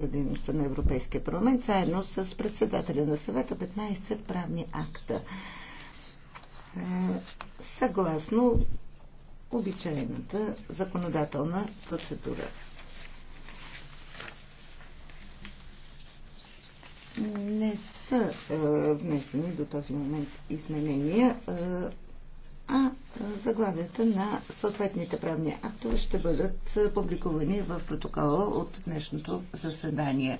за дейността на Европейския парламент, заедно с председателя на съвета 15 правни акта. Е, съгласно обичайната законодателна процедура. Не са е, внесени до този момент изменения. Е, заглавията на съответните правни актове ще бъдат публикувани в протокола от днешното заседание.